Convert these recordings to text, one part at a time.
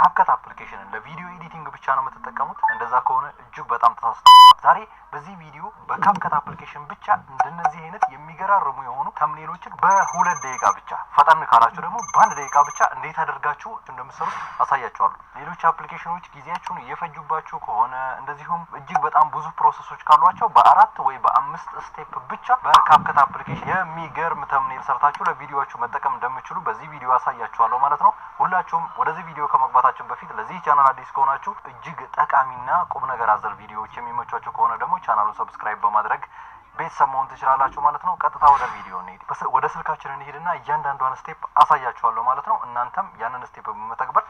ካፕካት አፕሊኬሽንን ለቪዲዮ ኤዲቲንግ ብቻ ነው የምትጠቀሙት? እንደዛ ከሆነ እጅግ በጣም ተሳስታችኋል። ዛሬ በዚህ ቪዲዮ በካፕካት አፕሊኬሽን ብቻ እንደነዚህ አይነት የሚገራርሙ የሆኑ ተምኔሎችን በሁለት ደቂቃ ብቻ ፈጠን ካላችሁ ደግሞ በአንድ ደቂቃ ብቻ እንዴት አድርጋችሁ እንደምትሰሩት አሳያችኋለሁ። ሌሎች አፕሊኬሽኖች ጊዜያችሁን እየፈጁባችሁ ከሆነ እንደዚሁም እጅግ በጣም ብዙ ፕሮሰሶች ካሏቸው በአራት ወይ በአምስት ስቴፕ ብቻ በካፕከት አፕሊኬሽን የሚገርም ተምኔል ሰርታችሁ ለቪዲዮችሁ መጠቀም እንደምችሉ በዚህ ቪዲዮ አሳያችኋለሁ ማለት ነው። ሁላችሁም ወደዚህ ቪዲዮ ከመግባት ከመግባታችን በፊት ለዚህ ቻናል አዲስ ከሆናችሁ እጅግ ጠቃሚና ቁም ነገር አዘል ቪዲዮዎች የሚመቿችሁ ከሆነ ደግሞ ቻናሉን ሰብስክራይብ በማድረግ ቤተሰብ መሆን ትችላላችሁ ማለት ነው። ቀጥታ ወደ ቪዲዮ እንሂድ። ወደ ስልካችን እንሂድና እያንዳንዷን ስቴፕ አሳያችኋለሁ ማለት ነው። እናንተም ያንን ስቴፕ በመተግበር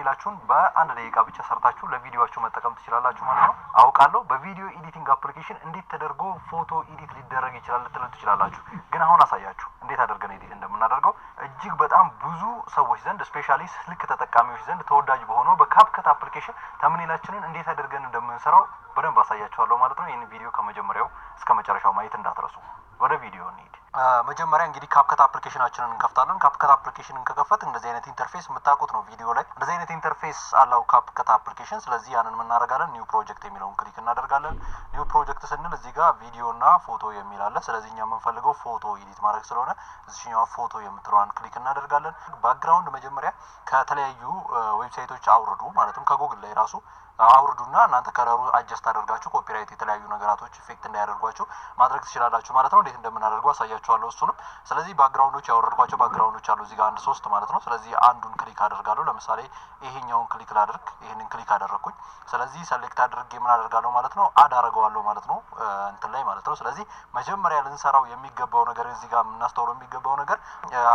ይላችሁን በአንድ ደቂቃ ብቻ ሰርታችሁ ለቪዲዮችሁ መጠቀም ትችላላችሁ ማለት ነው። አውቃለሁ በቪዲዮ ኤዲቲንግ አፕሊኬሽን እንዴት ተደርጎ ፎቶ ኤዲት ሊደረግ ይችላል ልትሉ ትችላላችሁ። ግን አሁን አሳያችሁ እንዴት አድርገን ኤዲት እንደምናደርገው እጅግ በጣም ብዙ ሰዎች ዘንድ ስፔሻሊ ስልክ ተጠቃሚዎች ዘንድ ተወዳጅ በሆነው በካፕከት አፕሊኬሽን ይላችንን እንዴት አድርገን እንደምንሰራው በደንብ አሳያችኋለሁ ማለት ነው። ይህን ቪዲዮ ከመጀመሪያው እስከ መጨረሻው እስከመጨረሻው ማየት እንዳትረሱ። ወደ ቪዲዮ እንሂድ። መጀመሪያ እንግዲህ ካፕከት አፕሊኬሽናችንን እንከፍታለን። ካፕከት አፕሊኬሽንን ከከፈት እንደዚህ አይነት ኢንተርፌስ የምታውቁት ነው። ቪዲዮ ላይ እንደዚህ አይነት ኢንተርፌስ አለው ካፕከት አፕሊኬሽን። ስለዚህ ያንን የምናደርጋለን። ኒው ፕሮጀክት የሚለውን ክሊክ እናደርጋለን። ኒው ፕሮጀክት ስንል እዚህ ጋር እና ፎቶ የሚል አለ። ስለዚህ እኛ የምንፈልገው ፎቶ ኤዲት ማድረግ ስለሆነ እዚሽኛዋ ፎቶ የምትለዋን ክሊክ እናደርጋለን። ባክግራውንድ መጀመሪያ ከተለያዩ ዌብሳይቶች አውርዱ፣ ማለትም ከጉግል ላይ ራሱ አውርዱና እናንተ ከለሩ አጀስት አደርጋችሁ ኮፒራይት የተለያዩ ነገራቶች ኢፌክት እንዳያደርጓችሁ ማድረግ ትችላላችሁ ማለት ነው። እንዴት እንደምናደርገው አሳያችኋለሁ እሱንም። ስለዚህ ባክግራውንዶች ያወረድኳቸው ባክግራውንዶች አሉ እዚህ ጋር አንድ ሶስት ማለት ነው። ስለዚህ አንዱን ክሊክ አደርጋለሁ። ለምሳሌ ይሄኛውን ክሊክ ላደርግ፣ ይህንን ክሊክ አደረግኩኝ። ስለዚህ ሰሌክት አድርጌ ምን አደርጋለሁ ማለት ነው አድ አደርገዋለሁ ማለት ነው እንትን ላይ ማለት ነው። ስለዚህ መጀመሪያ ልንሰራው የሚገባው ነገር እዚህ ጋር የምናስተውለው የሚገባው ነገር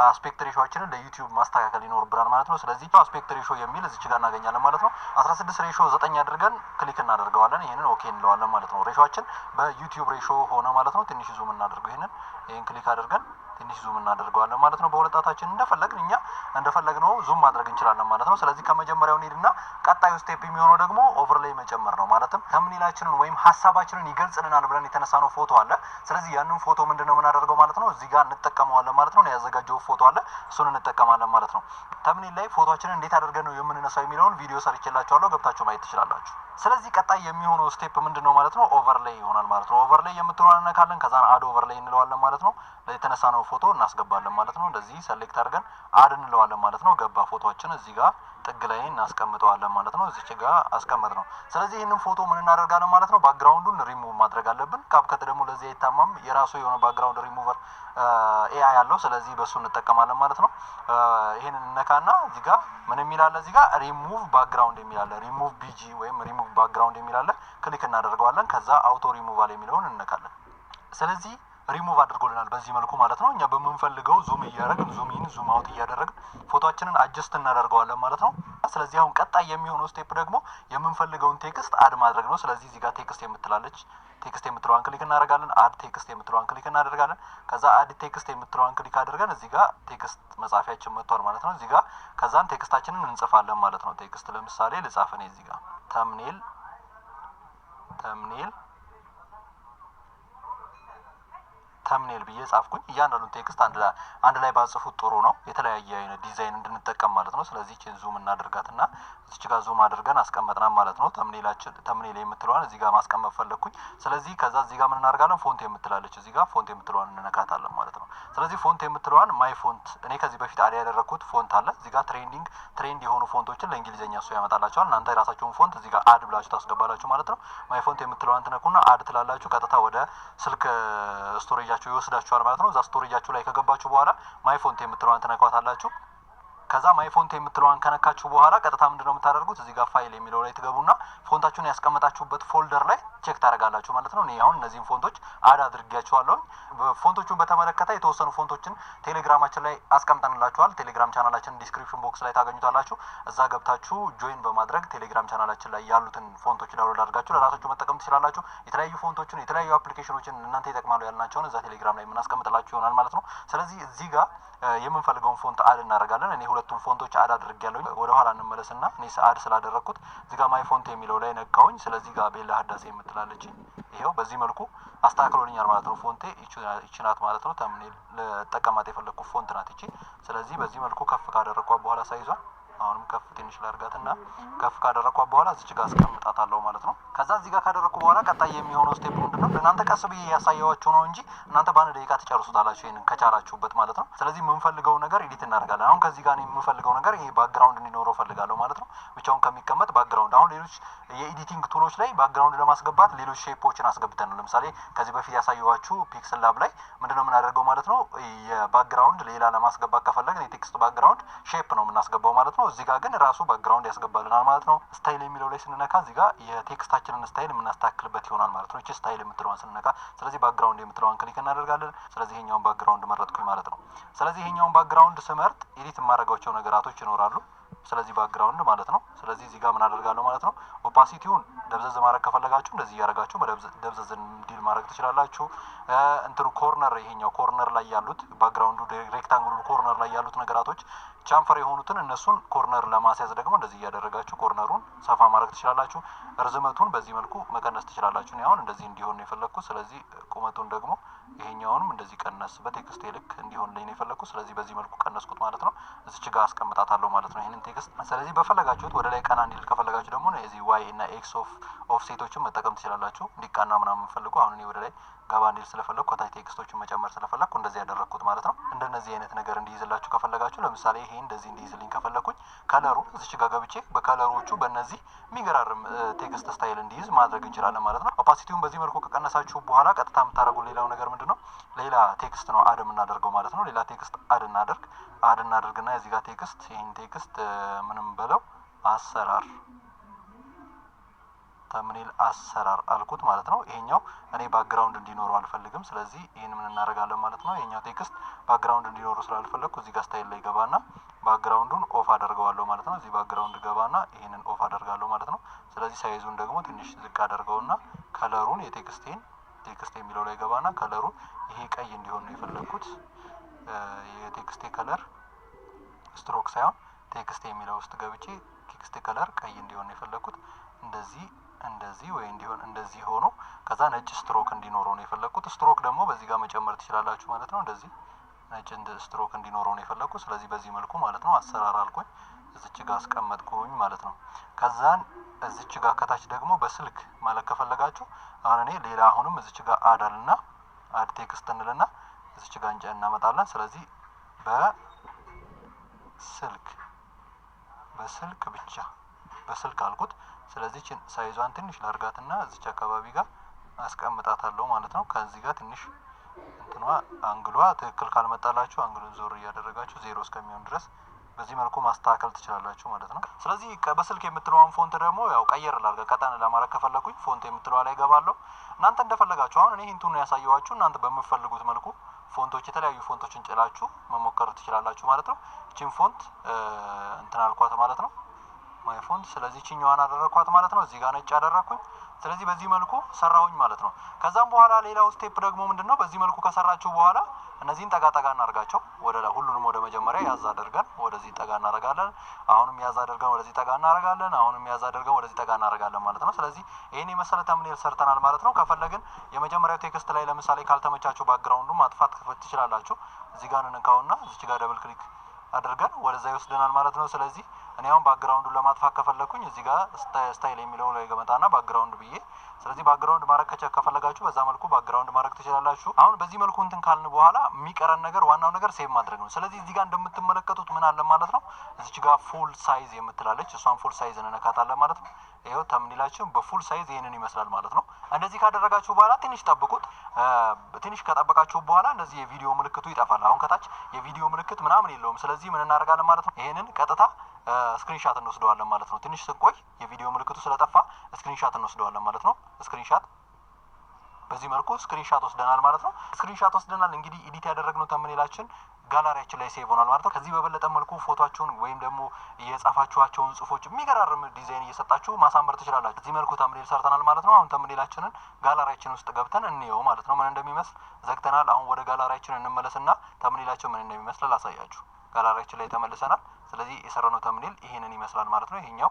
አስፔክት ሬሾችንን ለዩቲዩብ ማስተካከል ይኖርብናል ማለት ነው። ስለዚህ አስፔክት ሬሾ የሚል እዚች ጋር እናገኛለን ማለት ነው አስራ ስድስት ሬሾ ዘጠኝ ዘጠኝ አድርገን ክሊክ እናደርገዋለን። ይህንን ኦኬ እንለዋለን ማለት ነው። ሬሾችን በዩቲዩብ ሬሾ ሆነ ማለት ነው። ትንሽ ዙም እናደርገው። ይህንን ይህን ክሊክ አድርገን ትንሽ ዙም እናደርገዋለን ማለት ነው። በሁለት ጣታችን እንደፈለግን እኛ እንደፈለግነው ዙም ማድረግ እንችላለን ማለት ነው። ስለዚህ ከመጀመሪያው እንሂድና ቀጣዩ ስቴፕ የሚሆነው ደግሞ ኦቨርላይ መጨመር ነው። ማለትም ተምኔላችንን ወይም ሀሳባችንን ይገልጽልናል ብለን የተነሳነው ፎቶ አለ። ስለዚህ ያንን ፎቶ ምንድነው የምናደርገው ማለት ነው። እዚህ ጋር እንጠቀመዋለን ማለት ነው። ያዘጋጀው ፎቶ አለ፣ እሱን እንጠቀማለን ማለት ነው። ተምኔል ላይ ፎቶችንን እንዴት አድርገን ነው የምንነሳው የሚለውን ቪዲዮ ሰርቼላችኋለሁ፣ ገብታችሁ ማየት ትችላላችሁ። ስለዚህ ቀጣይ የሚሆነው ስቴፕ ምንድን ነው ማለት ነው? ኦቨርላይ ይሆናል ማለት ነው። ኦቨርላይ የምትለዋን እነካለን፣ ከዛ አድ ኦቨርላይ እንለዋለን ማለት ነው። የተነሳነው ፎቶ እናስገባለን ማለት ነው። እንደዚህ ሰሌክት አድርገን አድ እንለዋለን ማለት ነው። ገባ ፎቶችን እዚህ ጋር ጥግ ላይ እናስቀምጠዋለን ማለት ነው። እዚች ጋ አስቀመጥ ነው። ስለዚህ ይህንን ፎቶ ምን እናደርጋለን ማለት ነው፣ ባክግራውንዱን ሪሙቭ ማድረግ አለብን። ካፕከት ደግሞ ለዚህ አይታማም፣ የራሱ የሆነ ባክግራውንድ ሪሙቨር ኤአይ አለው። ስለዚህ በእሱ እንጠቀማለን ማለት ነው። ይህንን እነካና እዚህ ጋ ምን የሚላለ እዚህ ጋ ሪሙቭ ባክግራውንድ የሚላለ ሪሙቭ ቢጂ ወይም ሪሙቭ ባክግራውንድ የሚላለ ክሊክ እናደርገዋለን። ከዛ አውቶ ሪሙቫል የሚለውን እንነካለን። ስለዚህ ሪሙቭ አድርጎልናል። በዚህ መልኩ ማለት ነው። እኛ በምንፈልገው ዙም እያደረግን ዙም ኢን ዙም አውት እያደረግን ፎቶችንን አጀስት እናደርገዋለን ማለት ነው። ስለዚህ አሁን ቀጣይ የሚሆነው ስቴፕ ደግሞ የምንፈልገውን ቴክስት አድ ማድረግ ነው። ስለዚህ እዚህ ጋር ቴክስት የምትላለች ቴክስት የምትለዋን ክሊክ እናደርጋለን። አድ ቴክስት የምትለዋን ክሊክ እናደርጋለን። ከዛ አድ ቴክስት የምትለዋን ክሊክ አድርገን እዚህ ጋር ቴክስት መጻፊያችን መጥቷል ማለት ነው። እዚህ ጋር ከዛን ቴክስታችንን እንጽፋለን ማለት ነው። ቴክስት ለምሳሌ ልጻፍ እኔ እዚህ ጋር ተምኔል ተምኔል ተምኔል ብዬ ጻፍኩኝ። እያንዳንዱ ቴክስት አንድ ላይ ባጽፉት ጥሩ ነው፣ የተለያየ አይነት ዲዛይን እንድንጠቀም ማለት ነው። ስለዚህ ችን ዙም እናደርጋትና እዚች ጋር ዙም አድርገን አስቀመጥና ማለት ነው። ተምኔላችን ተምኔል የምትለዋን እዚህ ጋር ማስቀመጥ ፈለግኩኝ። ስለዚህ ከዛ እዚህ ጋር ምን እናደርጋለን? ፎንት የምትላለች እዚህ ጋር ፎንት የምትለዋን እንነካታለን ማለት ነው። ስለዚህ ፎንት የምትለዋን ማይ ፎንት እኔ ከዚህ በፊት አዲያ ያደረግኩት ፎንት አለ እዚህ ጋር ትሬንዲንግ ትሬንድ የሆኑ ፎንቶችን ለእንግሊዝኛ እሱ ያመጣላቸዋል። እናንተ የራሳችሁን ፎንት እዚህ ጋር አድ ብላችሁ ታስገባላችሁ ማለት ነው። ማይ ፎንት የምትለዋን ትነኩና አድ ትላላችሁ። ቀጥታ ወደ ስልክ ስቶሬጅ ስቶሬጃችሁ ይወስዳችኋል ማለት ነው። እዛ ስቶሬጃችሁ ላይ ከገባችሁ በኋላ ማይፎንት የምትለዋን ትነኳታላችሁ። ከዛ አይፎንት የምትለዋን ከነካችሁ በኋላ ቀጥታ ምንድን ነው የምታደርጉት? እዚህ ጋር ፋይል የሚለው ላይ ትገቡና ፎንታችሁን ያስቀመጣችሁበት ፎልደር ላይ ቼክ ታደርጋላችሁ ማለት ነው። እኔ አሁን እነዚህን ፎንቶች አድ አድርጊያቸዋለሁኝ። ፎንቶቹን በተመለከተ የተወሰኑ ፎንቶችን ቴሌግራማችን ላይ አስቀምጠንላችኋል። ቴሌግራም ቻናላችን ዲስክሪፕሽን ቦክስ ላይ ታገኙታላችሁ። እዛ ገብታችሁ ጆይን በማድረግ ቴሌግራም ቻናላችን ላይ ያሉትን ፎንቶች ዳውሎድ አድርጋችሁ ለራሳችሁ መጠቀም ትችላላችሁ። የተለያዩ ፎንቶችን የተለያዩ አፕሊኬሽኖችን እናንተ ይጠቅማሉ ያልናቸውን እዛ ቴሌግራም ላይ የምናስቀምጥላችሁ ይሆናል ማለት ነው። ስለዚህ እዚህ ጋር የምንፈልገውን ፎንት አድ እናደርጋለን። እኔ ሁለቱም ፎንቶች አድ አድርግ ያለኝ ወደ ኋላ እንመለስና እኔ አድ ስላደረግኩት እዚጋ ማይ ፎንት የሚለው ላይ ነካውኝ። ስለዚህ ጋ ቤላ ህዳሴ የምትላለች ይኸው በዚህ መልኩ አስተካክሎልኛል ማለት ነው። ፎንቴ ይችናት ማለት ነው። ተምኔል ልጠቀማት የፈለግኩ ፎንት ናት ይቺ። ስለዚህ በዚህ መልኩ ከፍ ካደረግኳ በኋላ ሳይዟል አሁንም ከፍ ትንሽ ላርጋት እና ከፍ ካደረግኳት በኋላ እዚች ጋር አስቀምጣታለሁ ማለት ነው። ከዛ እዚህ ጋር ካደረግኩ በኋላ ቀጣይ የሚሆነው ስቴፕ ምንድን ነው? እናንተ ቀስ ብዬ ያሳየዋችሁ ነው እንጂ እናንተ በአንድ ደቂቃ ትጨርሱታላችሁ፣ ይህንን ከቻላችሁበት ማለት ነው። ስለዚህ የምንፈልገው ነገር ኤዲት እናደርጋለን። አሁን ከዚህ ጋር የምንፈልገው ነገር ይሄ ባክግራውንድ እንዲኖረው ፈልጋለሁ ማለት ነው። ብቻውን ከሚቀመጥ ባክግራውንድ አሁን ሌሎች የኤዲቲንግ ቱሎች ላይ ባክግራውንድ ለማስገባት ሌሎች ሼፖችን አስገብተን ነው። ለምሳሌ ከዚህ በፊት ያሳየኋችሁ ፒክስል ላብ ላይ ምንድነው የምናደርገው ማለት ነው። የባክግራውንድ ሌላ ለማስገባት ከፈለግን የቴክስት ባክግራውንድ ሼፕ ነው የምናስገባው ማለት ነው። እዚህ ጋር ግን ራሱ ባክግራውንድ ያስገባልናል ማለት ነው። ስታይል የሚለው ላይ ስንነካ እዚህ ጋር የቴክስታችንን ስታይል የምናስተካክልበት ይሆናል ማለት ነው። እቺ ስታይል የምትለዋን ስንነካ፣ ስለዚህ ባክግራውንድ የምትለዋን ክሊክ እናደርጋለን። ስለዚህ ይሄኛውን ባክግራውንድ መረጥኩኝ ማለት ነው። ስለዚህ ይሄኛውን ባክግራውንድ ስመርጥ ኤዲት የማደርጋቸው ነገራቶች ይኖራሉ። ስለዚህ ባክግራውንድ ማለት ነው። ስለዚህ እዚህ ጋር ምን አደርጋለሁ ማለት ነው ኦፓሲቲውን ደብዘዝ ማድረግ ከፈለጋችሁ እንደዚህ እያደረጋችሁ ደብዘዝ እንዲል ማድረግ ትችላላችሁ። እንትኑ ኮርነር ይሄኛው ኮርነር ላይ ያሉት ባክግራውንዱ ሬክታንግሉ ኮርነር ላይ ያሉት ነገራቶች ቻምፈር የሆኑትን እነሱን ኮርነር ለማስያዝ ደግሞ እንደዚህ እያደረጋችሁ ኮርነሩን ሰፋ ማድረግ ትችላላችሁ። እርዝመቱን በዚህ መልኩ መቀነስ ትችላላችሁ። አሁን እንደዚህ እንዲሆን ነው የፈለግኩት። ስለዚህ ቁመቱን ደግሞ ይሄኛውንም እንደዚህ ቀነስ፣ በቴክስት ልክ እንዲሆን ላይ ነው የፈለግኩት። ስለዚህ በዚህ መልኩ ቀነስኩት ማለት ነው። እዚች ጋር አስቀምጣታለሁ ማለት ነው ይህንን ቴክስት። ስለዚህ በፈለጋችሁት ወደ ላይ ቀና እንዲል ከፈለጋችሁ ደግሞ የዚህ ዋይ እና ኤክስ ኦፍ ኦፍሴቶችን መጠቀም ትችላላችሁ። እንዲቃና ምናምን ፈልጉ። አሁን እኔ ወደ ላይ ገባ እንዲል ስለፈለግኩ ከታች ቴክስቶችን መጨመር ስለፈለግኩ እንደዚህ ያደረግኩት ማለት ነው። እንደነዚህ አይነት ነገር እንዲይዝላችሁ ከፈለጋችሁ ለምሳሌ ይሄ እንደዚህ እንዲይዝልኝ ከፈለግኩኝ ከለሩ እዚች ጋር ገብቼ በከለሮቹ በእነዚህ የሚገራርም ቴክስት ስታይል እንዲይዝ ማድረግ እንችላለን ማለት ነው። ኦፓሲቲውን በዚህ መልኩ ከቀነሳችሁ በኋላ ቀጥታ የምታደረጉ ሌላው ነገር ምንድን ነው? ሌላ ቴክስት ነው አድ የምናደርገው ማለት ነው። ሌላ ቴክስት አድ እናደርግ አድ እናደርግና እና እዚህ ጋር ቴክስት ይህን ቴክስት ምንም ብለው አሰራር ተምኔል አሰራር አልኩት ማለት ነው። ይሄኛው እኔ ባክግራውንድ እንዲኖረው አልፈልግም። ስለዚህ ይህን ምን እናደርጋለን ማለት ነው። ይሄኛው ቴክስት ባክግራውንድ እንዲኖሩ ስላልፈለግኩ እዚህ ጋር ስታይል ላይ ገባና ባክግራውንዱን ኦፍ አደርገዋለሁ ማለት ነው። እዚህ ባክግራውንድ ገባና ይህንን ኦፍ አደርጋለሁ ማለት ነው። ስለዚህ ሳይዙን ደግሞ ትንሽ ዝቅ አደርገውና ከለሩን የቴክስቴን ቴክስት የሚለው ላይ ገባና ከለሩን ይሄ ቀይ እንዲሆን ነው የፈለግኩት የቴክስቴ ከለር ስትሮክ ሳይሆን ቴክስት የሚለው ውስጥ ገብቼ ቴክስት ከለር ቀይ እንዲሆን የፈለግኩት። እንደዚህ እንደዚህ ወይ እንዲሆን እንደዚህ ሆኖ ከዛ ነጭ ስትሮክ እንዲኖረው ነው የፈለግኩት። ስትሮክ ደግሞ በዚህ ጋር መጨመር ትችላላችሁ ማለት ነው። እንደዚህ ነጭ ስትሮክ እንዲኖረው ነው የፈለግኩት። ስለዚህ በዚህ መልኩ ማለት ነው አሰራር አልኩኝ። እዚች ጋር አስቀመጥኩኝ ማለት ነው። ከዛን እዚች ጋር ከታች ደግሞ በስልክ ማለት ከፈለጋችሁ አሁን እኔ ሌላ አሁንም እዚች ጋር አዳልና አድ ቴክስት እንልና እዚች ጋር እንጨ እናመጣለን። ስለዚህ በ ስልክ በስልክ ብቻ በስልክ አልኩት። ስለዚህ ሳይዟን ትንሽ ላርጋትና እዚች አካባቢ ጋር አስቀምጣታለሁ ማለት ነው። ከዚህ ጋር ትንሽ እንትኗ አንግሏ ትክክል ካልመጣላችሁ አንግሉን ዞር እያደረጋችሁ ዜሮ እስከሚሆን ድረስ በዚህ መልኩ ማስተካከል ትችላላችሁ ማለት ነው። ስለዚህ በስልክ የምትለዋን ፎንት ደግሞ ያው ቀየር ላርገ ቀጠን ለማድረግ ከፈለግኩኝ ፎንት የምትለዋ ላይ ገባለሁ። እናንተ እንደፈለጋችሁ አሁን እኔ ሂንቱን ያሳየኋችሁ እናንተ በምፈልጉት መልኩ ፎንቶች የተለያዩ ፎንቶችን ጭላችሁ መሞከር ትችላላችሁ ማለት ነው። እችን ፎንት እንትን አልኳት ማለት ነው ማይ ፎንት። ስለዚህ ችኛዋን አደረግኳት ማለት ነው። እዚህ ጋር ነጭ አደረግኩኝ። ስለዚህ በዚህ መልኩ ሰራሁኝ ማለት ነው። ከዛም በኋላ ሌላው ስቴፕ ደግሞ ምንድን ነው? በዚህ መልኩ ከሰራችሁ በኋላ እነዚህን ጠጋ ጠጋ ወደ ሁሉንም ወደ መጀመሪያ ያዝ አድርገን ወደዚህ ጠጋ እናረጋለን። አሁንም ያዝ አድርገን ወደዚህ ጠጋ እናረጋለን። አሁንም ያዝ አድርገን ወደዚህ ጠጋ እናረጋለን ማለት ነው። ስለዚህ ይህን የመሰለ ተምኔል ሰርተናል ማለት ነው። ከፈለግን የመጀመሪያው ቴክስት ላይ ለምሳሌ ካልተመቻችሁ ባክግራውንዱ ማጥፋት ትችላላችሁ። እዚህ ጋር እንንካውና እዚች ጋር ደብል ክሊክ አድርገን ወደዛ ይወስደናል ማለት ነው። ስለዚህ እኔ አሁን ባክግራውንዱን ለማጥፋት ከፈለግኩኝ እዚህ ጋር ስታይል የሚለው ላይ ገመጣና ባክግራውንድ ብዬ ስለዚህ ባክግራውንድ ማድረግ ከፈለጋችሁ በዛ መልኩ ባክግራውንድ ማድረግ ትችላላችሁ። አሁን በዚህ መልኩ እንትን ካልን በኋላ የሚቀረን ነገር ዋናው ነገር ሴቭ ማድረግ ነው። ስለዚህ እዚህ ጋር እንደምትመለከቱት ምን አለ ማለት ነው፣ እዚች ጋር ፉል ሳይዝ የምትላለች እሷን ፉል ሳይዝ እንነካታለን ማለት ነው። ይኸው ተምኒላችን በፉል ሳይዝ ይህንን ይመስላል ማለት ነው። እንደዚህ ካደረጋችሁ በኋላ ትንሽ ጠብቁት። ትንሽ ከጠበቃችሁ በኋላ እንደዚህ የቪዲዮ ምልክቱ ይጠፋል። አሁን ከታች የቪዲዮ ምልክት ምናምን የለውም። ስለዚህ ምን እናደርጋለን ማለት ነው፣ ይህንን ቀጥታ ስክሪንሻት እንወስደዋለን ማለት ነው። ትንሽ ስንቆይ የቪዲዮ ምልክቱ ስለጠፋ ስክሪንሻት እንወስደዋለን ማለት ነው። ስክሪንሻት በዚህ መልኩ ስክሪንሻት ወስደናል ማለት ነው። ስክሪንሻት ወስደናል እንግዲህ ኢዲት ያደረግነው ተምኔላችን ጋላሪያችን ላይ ሴቭ ሆኗል ማለት ነው። ከዚህ በበለጠ መልኩ ፎቶቸውን ወይም ደግሞ የጻፋችኋቸውን ጽሁፎች የሚገራርም ዲዛይን እየሰጣችሁ ማሳመር ትችላላችሁ። በዚህ መልኩ ተምኔል ሰርተናል ማለት ነው። አሁን ተምኔላችንን ጋላሪያችን ውስጥ ገብተን እንየው ማለት ነው። ምን እንደሚመስል ዘግተናል። አሁን ወደ ጋላሪያችን እንመለስና ተምኔላችን ምን እንደሚመስል ላሳያችሁ። ጋላሪያችን ላይ ተመልሰናል። ስለዚህ የሰራነው ተምኔል ይህንን ይመስላል ማለት ነው። ይሄኛው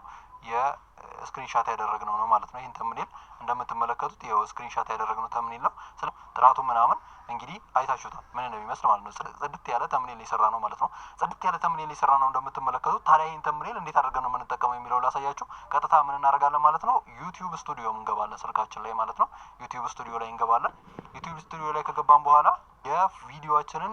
የስክሪንሻት ያደረግነው ነው ማለት ነው። ይህን ተምኔል እንደምትመለከቱት ይኸው ስክሪንሻት ያደረግነው ተምኔል ነው። ስለ ጥራቱ ምናምን እንግዲህ አይታችሁታል ምን እንደሚመስል ማለት ነው። ጽድት ያለ ተምኔል የሰራ ነው ማለት ነው። ጽድት ያለ ተምኔል የሰራ ነው እንደምትመለከቱት። ታዲያ ይህን ተምኔል እንዴት አድርገን ነው የምንጠቀመው የሚለው ላሳያችሁ። ቀጥታ ምን እናደርጋለን ማለት ነው፣ ዩቲዩብ ስቱዲዮም እንገባለን ስልካችን ላይ ማለት ነው። ዩቲዩብ ስቱዲዮ ላይ እንገባለን። ዩቲዩብ ስቱዲዮ ላይ ከገባን በኋላ የቪዲዮችንን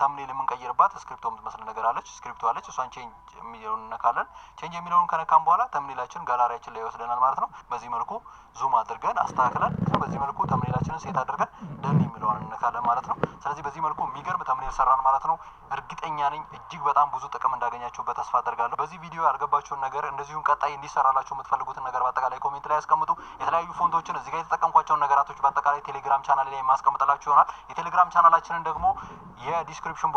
ተምኔል የምንቀይርባት ስክሪፕቶ የምትመስል ነገር አለች። ስክሪፕቶ አለች። እሷን ቼንጅ የሚለውን እነካለን። ቼንጅ የሚለውን ከነካም በኋላ ተምኔላችን ጋላሪያችን ላይ ይወስደናል ማለት ነው። በዚህ መልኩ ዙም አድርገን አስተካክለን፣ በዚህ መልኩ ተምኔላችንን ሴት አድርገን ደን የሚለውን እነካለን ማለት ነው። ስለዚህ በዚህ መልኩ የሚገርም ተምኔል ሰራን ማለት ነው። እርግጠኛ ነኝ እጅግ በጣም ብዙ ጥቅም እንዳገኛችሁበት ተስፋ አደርጋለሁ። በዚህ ቪዲዮ ያልገባችሁን ነገር እንደዚሁም ቀጣይ እንዲሰራላችሁ የምትፈልጉትን ነገር በአጠቃላይ ኮሜንት ላይ ያስቀምጡ። የተለያዩ ፎንቶችን እዚህ ጋር የተጠቀምኳቸውን ነገራቶች በአጠቃላይ ቴሌግራም ቻናል ላይ የማስቀምጥላችሁ ይሆናል። የቴሌግራም ቻናላችንን ደግሞ የዲስክሪፕሽን